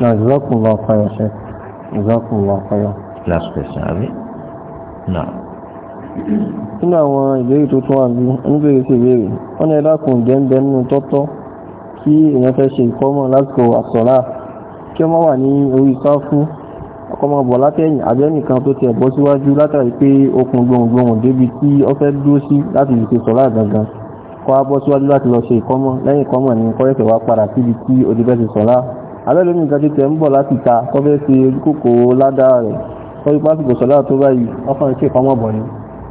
Now, Jazakumullah khair, Sheikh. Jazakumullah khair. Last question, àbí? No. Nínú àwọn ìbéèrè tó tún wà ní oníbèrè sí ìbéèrè, wọ́n ní ẹ̀dá kùn jẹ́ ń bẹ nínú tọ́tọ́ kí èèyàn fẹ́ ṣe ìkọ́mọ̀ lásìkò àsọ̀lá kí ọmọ wà ní orí sáfú ọkọ̀mọ bọ̀ látẹ̀yìn abẹ́nìkan tó tiẹ̀ bọ́ síwájú látàrí pé okùn gbohùngbohùn débi tí ó fẹ́ dúró sí láti lè ṣe sọ̀lá gangan kọ́ á bọ́ síwájú láti lọ ṣe ìkọ́mọ̀ lẹ́yìn ìkọ́mọ̀ ni kọ́yẹ̀kẹ̀ wá padà síbi tí ó ti fẹ́ ṣe sọ̀lá alẹ́lẹ́mì nǹkan títẹ̀ ń bọ̀ láti ta tó fẹ́ fi ojúkòkò ládàá rẹ̀ tó ipá sì kò sọ́lá tó báyìí ọkùnrin tí ìpamọ́ bọ̀ ni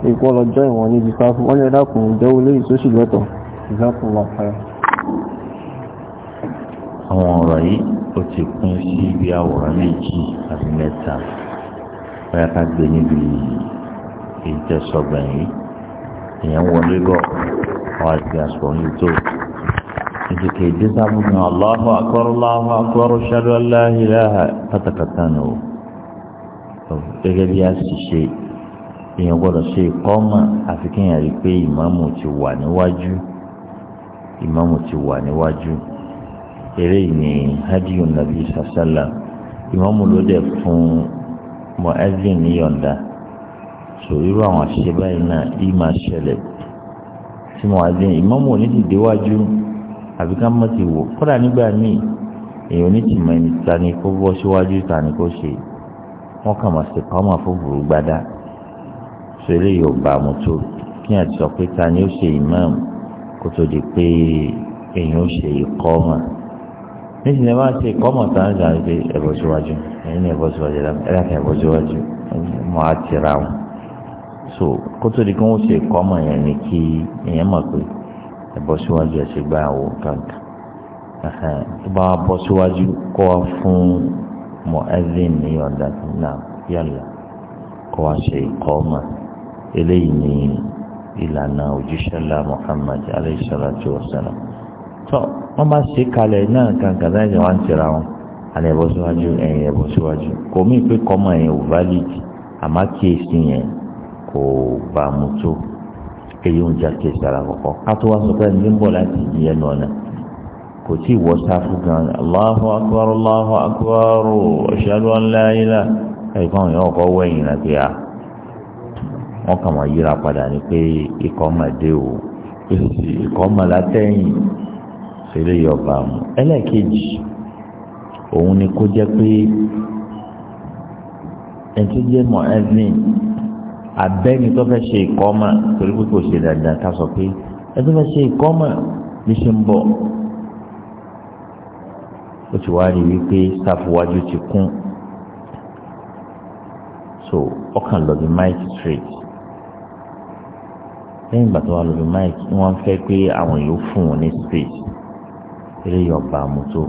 èkó ọlọ́jọ́ ìwọ̀n níbi sáfù wọ́n yẹ dákùn ìjẹ́ olé ìsóṣì lẹ́tọ̀ ìzákùnlọ́ fẹ́. àwọn ọ̀rọ̀ yìí ó ti pín sí ibi àwòrán méjì àti mẹ́ta bóyá ká gbé níbi ìjẹsọ̀gbẹ̀yìn ìyẹn wọlé bọ̀ wọ́n á gbé àsọ̀rọ̀ nítorí ìdíkè ìdísàbùnà Allahu akbar Allahu akbar ashhadu an la ilaha pátákátá nù ó gẹ́gẹ́ bí a sì ṣe èèyàn gbọ́dọ̀ ṣe ìkọ́mà àfi kéèyàn rí i pé ìmáàmù ti wà níwájú ìmáàmù ti wà níwájú eré ìní hadiyu nabi sasala ìmáàmù ló dẹ̀ fún mu'adhdhin níyọ̀ǹda so irú àwọn àṣìṣe báyìí náà yìí ṣẹlẹ̀ tí mu'adhdhin ìmáàmù onídìdíwájú àbí ká mọ̀ ti wò kódà nígbà míì èèyàn ní tìmọ̀ ẹni ta ni kó bọ́ síwájú ta ni kó ṣe wọ́n kà mà sí pamọ́ fún burú gbádá ṣe eléyìí ò bá mu tó kí àti sọ pé ta ni ó ṣe imam kó tó di pé èèyàn ó ṣe ìkọ́mà níṣìí ni wọ́n á ṣe ìkọ́mà tá ń sàn ṣe ẹ̀bọ̀ síwájú ẹ̀yìn ní síwájú ẹ̀dáka ẹ̀bọ̀ síwájú mọ́ á ti ra wọn so kó tó di pé wọ́n ṣe ìkọ́mà yẹn ni kí èèyàn mọ̀ pé ẹ̀bọ́ síwájú ẹ̀ṣẹ̀ gbá àwò kankan tó bá bọ́ síwájú kọ́ wa fún mu'adhin ní ọ̀dà náà yálà kọ́ wa ṣe ìkọ́ ọmọ eléyìí ní ìlànà òjíṣẹ́ ńlá Muhammad alayhi salatu wa salam tọ́ wọ́n bá ṣe kalẹ̀ náà kankan láì jẹ́ wọ́n ń tẹ̀ra wọn alẹ́ ẹ̀bọ́ síwájú ẹ̀yìn ẹ̀bọ́ síwájú kò mí pé kọ́mọ ẹ̀yìn ò válìdì àmọ́ kí èsì yẹn kò bá mú tó èyí ń já kéésì ara kọ̀kọ́ ká tó wá sọ pé ní bọ̀ láti yí ẹnu ọ̀nà kò tí ì wọ́ sáfù gan Allahu akbar Allahu akbar ashhadu an la ilaha ẹ̀gbọ́n yẹn ọkọ̀ wẹ̀yìn náà pé a wọ́n kà máa yíra padà ní pé ikọ̀ máa dé o ikọ̀ máa látẹ̀yìn ṣẹlẹ̀ yọba mu ẹlẹ́ẹ̀kejì òun ni kó jẹ́ pé ẹ̀ńtí jẹ́ mọ̀ ẹ́dín abẹ́ni tó fẹ́ ṣe ìkọ́mà torí pé kò ṣe dandan ká sọ pé ẹ tó fẹ́ ṣe ìkọ́mà bí ṣe ń bọ̀ ó ti wá rí wípé sáfùwájú ti kún so ọkàn lọ bí mike straight lẹ́yìn ìgbà tó wà lọ bí mike wọ́n fẹ́ pé àwọn èèyàn fún wọn ní straight eré yọba àmútó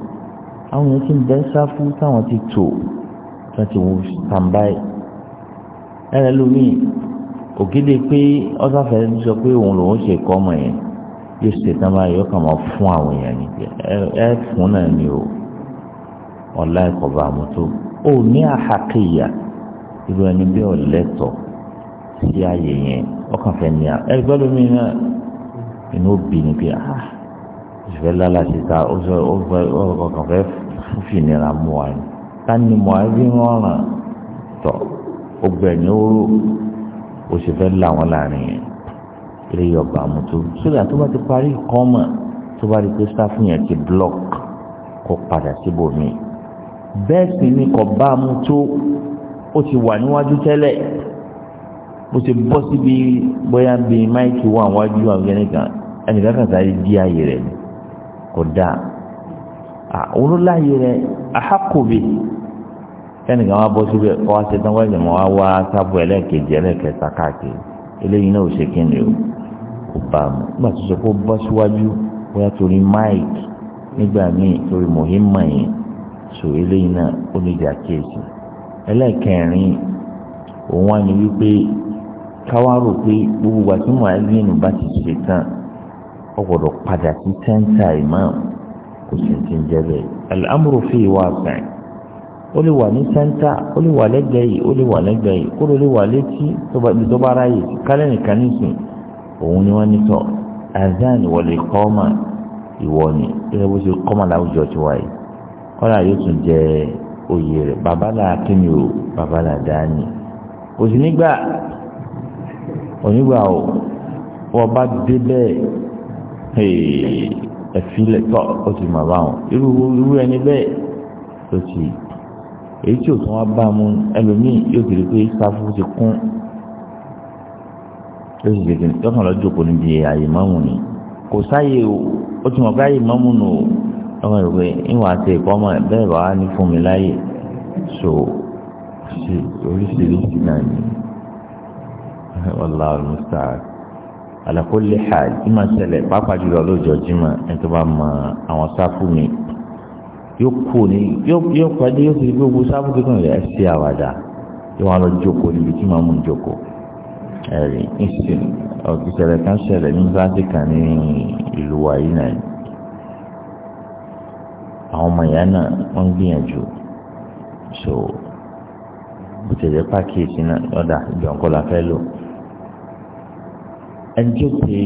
àwọn èèyàn ti ń bẹ́ sáfù táwọn ti tò tí ti wọ́n stand ẹnlẹ lómi ògidì pé ọsàfẹ sọ pé òun lòún ṣe kọ ọmọ yẹn yóò ṣe tán báyìí yóò kàn máa fún àwọn èèyàn ní ẹ ẹ fún náà ni o ọ̀la ẹ̀kọ́ bá mu tó ó ní àhàkéyà irú ẹni bí ọ̀lẹ́tọ̀ sí ààyè yẹn ọkàn fẹ́ ní à ẹgbẹ́ lómi náà inú òbí ni pé ah ìfẹ́ lálà síta ó sọ ọkàn fẹ́ fúnfìnira mú wa ni ká ní mọ̀ ẹ́ bí ràn tọ̀ ọgbẹ̀yìn oró o sì fẹ́ là wọ́n láàrin yẹn eré ọgbà àmútó sódà tó bá ti parí kọ́mọ̀ tó bá rí pé sáfù yẹn ti block kó padà síbòmí bẹ́ẹ̀ sì ni kò bá àmútó ó ti wà níwájú tẹ́lẹ̀ bó ti bọ́ síbi bóyá bí máìkì wà wájú àwọn yẹn nìkan ẹnìkan kan sáré di ààyè rẹ̀ kò dáa àwọn olóláyè rẹ̀ àhákòbè. kẹ́nìkan wá bọ́ síbẹ̀ kọ́ wá ṣetán wá ìjọba wá wá sábò ẹlẹ́ẹ̀kejì ẹlẹ́ẹ̀kẹta káàkiri eléyìí náà ò ṣe kí ni o kò bá mu nígbà tó sọ pé ó bọ́ síwájú bóyá torí máìkì nígbà míì torí sọ eléyìí náà ó ní ìjà kéèsì ẹlẹ́ẹ̀kẹrin òun wá ní wípé káwá rò pé gbogbo ìgbà tí bá ti ó padà sí tẹ́ńtà kò sì ti ó lè wà ní sẹ́ńtà ó lè wà lẹ́gbẹ̀ẹ́ yìí ó lè wà lẹ́gbẹ̀ẹ́ yìí kó ló lè wà létí tó bá ráyè kálẹ̀ nìkan nìsín òun ni wọ́n ní tọ́ azan wọlé kọ́mà ìwọ ni gẹ́gẹ́ bó ṣe kọ́mà láwùjọ ti wáyé kọ́lá yóò tún jẹ oyè rẹ̀ bàbá là kíni o bàbá là dání kò nígbà onígbà o wọ́n bá dé bẹ́ẹ̀ ẹ̀fílẹ̀ tọ́ ó ti mọ̀ báwọn irú irú ẹni bẹ́ẹ̀ ó ti èyí tí òtún wá bá mu ẹlòmíì yóò kiri pé sáfù ti kún yóò sì kékeré lọ́kàn lọ́jọ́ kò níbi àyè mọ́mù ni kò sáyè o ó ti mọ̀ pé àyè mọ́mù nù o lọ́kàn lọ́kàn pé ìwà àti ìkọ́mọ̀ bẹ́ẹ̀ bá wà ní fún mi láyè so ṣe oríṣiríṣi náà ni wallahu musta'an ala kulli hal ìmọ̀ ṣẹlẹ̀ pàápàá jùlọ lọ́jọ́ jimá ẹni tó bá mọ àwọn sáfù mi yóò kó ní yóò pàdé yóò fi gbogbo sábà kíkan rẹ̀ ṣe àwàdà yóò wá lọ jókòó níbi tí màmú jókòó ẹ̀rí ìsìn ọ̀gbìsẹ̀rẹ̀ kan ṣẹlẹ̀ ní fásitì kan ní ìlú wa yìí náà àwọn ọmọ ìyá náà wọ́n ń gbìyànjú so bó ti jẹ́ pàkíyèsí náà lọ́dà ìjọ̀ǹkọ́ la fẹ́ lò ẹni tí ó ti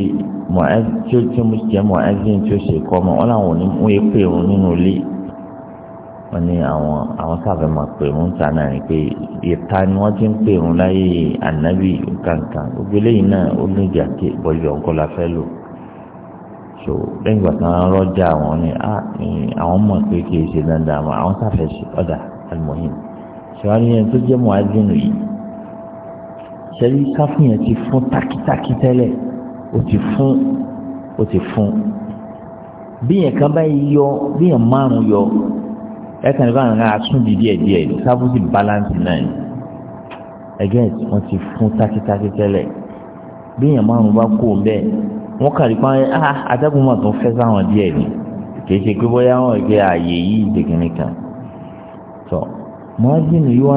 mọ̀ ẹ́ tí ó ti mú jẹ́ mọ̀ ẹ́ tí ó ṣe kọ́ ọmọ wọn làwọn ò ní mú epe òun nínú ilé wọ́n ní àwọn àwọn sáfẹ́ máa pè wọ́n ta náà ni pé ìta ni wọ́n ti ń pè wọ́n láyé ànábì kankan gbogbo eléyìí náà ó ní ìjà ké bọ́yọ̀ ọkọ la fẹ́ lò so lẹ́yìn ìgbà kan rọ́jà àwọn ah, ni àwọn mọ̀ pé kì í ṣe dandan àwọn àwọn sáfẹ́ ṣe ọ̀dà alimohim ṣèwádìí yẹn tó jẹ́ mọ́àdínù yìí ṣẹ́rí káfíń yẹn ti fún takitaki tẹ́lẹ̀ ó ti fún ó ti fún bí yẹn kan báyìí yọ bí yẹn márùn yọ ẹ̀kan nípa àwọn asún bíi díẹ̀ díẹ̀ sáfùsì balance náà ni ẹgẹ́ wọ́n ti fún tákítákí tẹ́lẹ̀ bí èèyàn márùn bá kó o bẹ́ẹ̀ wọ́n kàrí pa ẹ́ ah atẹ́gùn mà tó fẹ́ sáwọn díẹ̀ ni kì í ṣe pé bóyá wọn gbé ààyè yìí dèkìnì kan tọ́ mọ́ájìnì yìí wá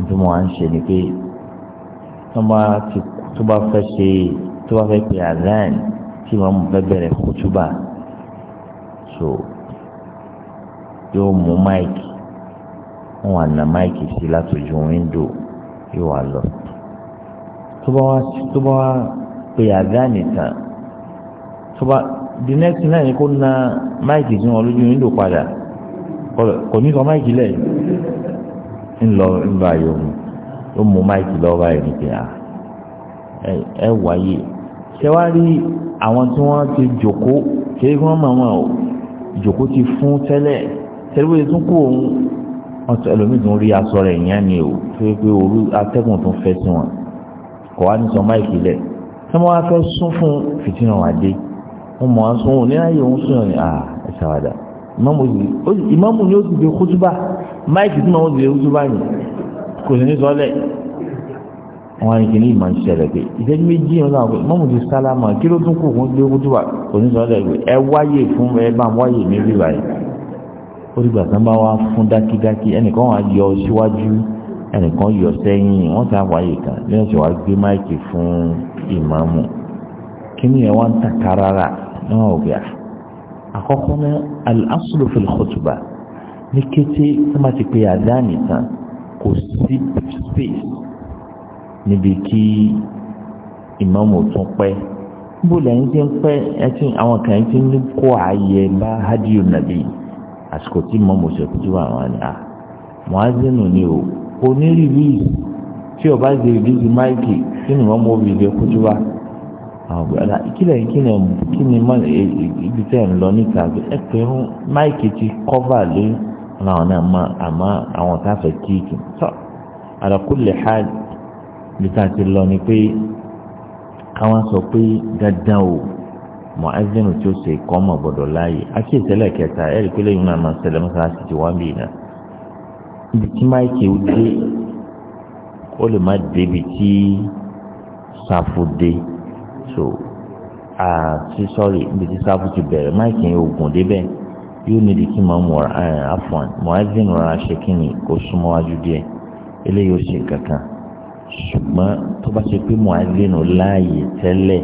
ìdúmọ̀ à ń ṣe ni pé tó bá fẹ́ ṣe tó bá fẹ́ pe àdáyìn tí wọ́n fẹ́ bẹ̀rẹ̀ kútúbà so yóò mú máìkì wọn wà ná máìkì sí látòjú wíńdò yóò wà lọ tó bá wá tó bá wá pé àdáni tán tó bá the next náà ni kó na máìkì sí wọn lójú wíńdò padà kò ní sọ máìkì lẹ̀ ńlọ ńlọ ayọ̀ mu ó mú máìkì lọ́wọ́ báyìí nìkan ẹ wáyé ṣé wàá rí àwọn tí wọ́n ti jòkó ṣé máa wọn jòkó ti fún tẹ́lẹ̀ tẹ̀lé tó kú òun wọn tó ẹlòmíì tó ń rí aṣọ rẹ̀ yẹn ni o tó yẹ pé òru atẹ́gùn tó fẹ́ sí wọn kọ̀ wá ní sọ máìkì lẹ̀ tí wọ́n á fẹ́ sún fún fìtínà wà dé wọ́n mọ̀ á sún òun ní ayé òun sún ní àà ẹ̀ ṣàwádà ìmáàmù ni ó ti fi kútúbà máìkì tí wọ́n ti fi kútúbà yìí kò sí ní sọ́lẹ̀ wọn ní kíní ìmọ̀ ìṣẹ̀lẹ̀ pé ìṣẹ́jú méjì yẹn náà pé mọ́mù ti sálámà kí ló tún kù fún gbé kútúbà kò ní sọ́lẹ̀ pé ẹ wáyè fún ẹ bá wáyè mi bí báyìí orígbà tán bá wá fún dákídákí ẹnìkan wà yọ síwájú ẹnìkan yọ sẹ́yìn wọ́n ti àwáyé kan ní ọ̀sẹ̀ wá gbé máìkì fún ìmáàmù kíní ẹ̀ wá ń tàkà rárá ah, náà ọ̀gá àkọ́kọ́ ní al-aslu fil khutbah ní kété tó má ti pé àdáàní tán kò sí space níbi kí ìmáàmù tún pẹ́ bó lẹ́yìn tí ń pẹ́ ẹ àwọn kan ti ń kó ààyè bá hádìó nàbí yìí àsìkò tí mo mọ̀ ṣe kútu àwọn ni à ah, mọ́àzínù ni o onírìírí tí ọba ṣe rìlíìsì máìkì kí ni wọ́n mọ̀ bí ilé kútu wa àwọn ọ̀gbìn ọ̀la kílẹ̀ kílẹ̀ kí ni mọ́ ibi tẹ́ ń lọ níta ẹ pẹ̀rún máìkì ti kọ́fà lé àwọn náà mọ àmọ́ àwọn tá a fẹ́ kíkì tọ́ àdàkùnlé ha bí tá a ti lọ ni pé káwọn sọ pé dandan o mọ̀ẹ́dínù tí ó ṣe kọ́ mọ̀ gbọ́dọ̀ láàyè akéèsẹ́lẹ̀ kẹta ẹ̀rí pé lẹ́yìn náà máa ṣẹlẹ̀ mọ́sálásí ti wá bì náà ibi tí máìkì ó dé ó lè má débi tí sáfù dé so àti sọ́ọ̀rì ibi tí sáfù ti bẹ̀rẹ̀ máìkì yẹn oògùn débẹ̀ yóò ní ibi tí màá mọ̀ afọ̀n mọ̀ẹ́dínù rárá ṣe kí ni kó súnmọ́ wájú díẹ̀ eléyìí ó ṣe kankan ṣùgbọ́n tó bá ṣe pé mọ̀ẹ́dínù láàyè tẹ́lẹ̀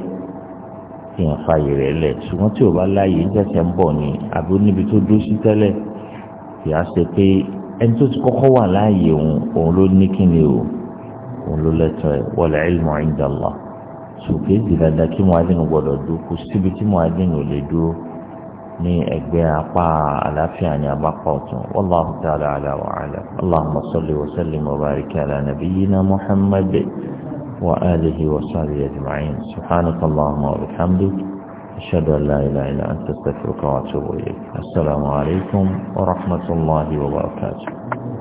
kí n fa ìrẹ̀ lẹ̀ ṣùgbọ́n tí o bá láàyè ń tẹ̀sẹ̀ ń bọ̀ ni àbí ó níbi tó dúró sí tẹ́lẹ̀ kì á ṣe pé ẹni tó ti kọ́kọ́ wà láàyè òun òun ló ní kí ni o òun ló lẹ́tọ̀ ẹ̀ wọlé ilmu inda Allah ṣùgbọ́n èdè dandan kí muhammed gbọ́dọ̀ dúró kó síbi tí muhammed ò lè dúró ní ẹgbẹ́ apá àlàáfíà ní abápá ọ̀tún wallahu ta'ala ala wa ala allahumma salli wa sallim wa barik وآله وصحبه أجمعين سبحانك اللهم وبحمدك أشهد أن لا إله إلا أنت استغفرك وأتوب إليك السلام عليكم ورحمة الله وبركاته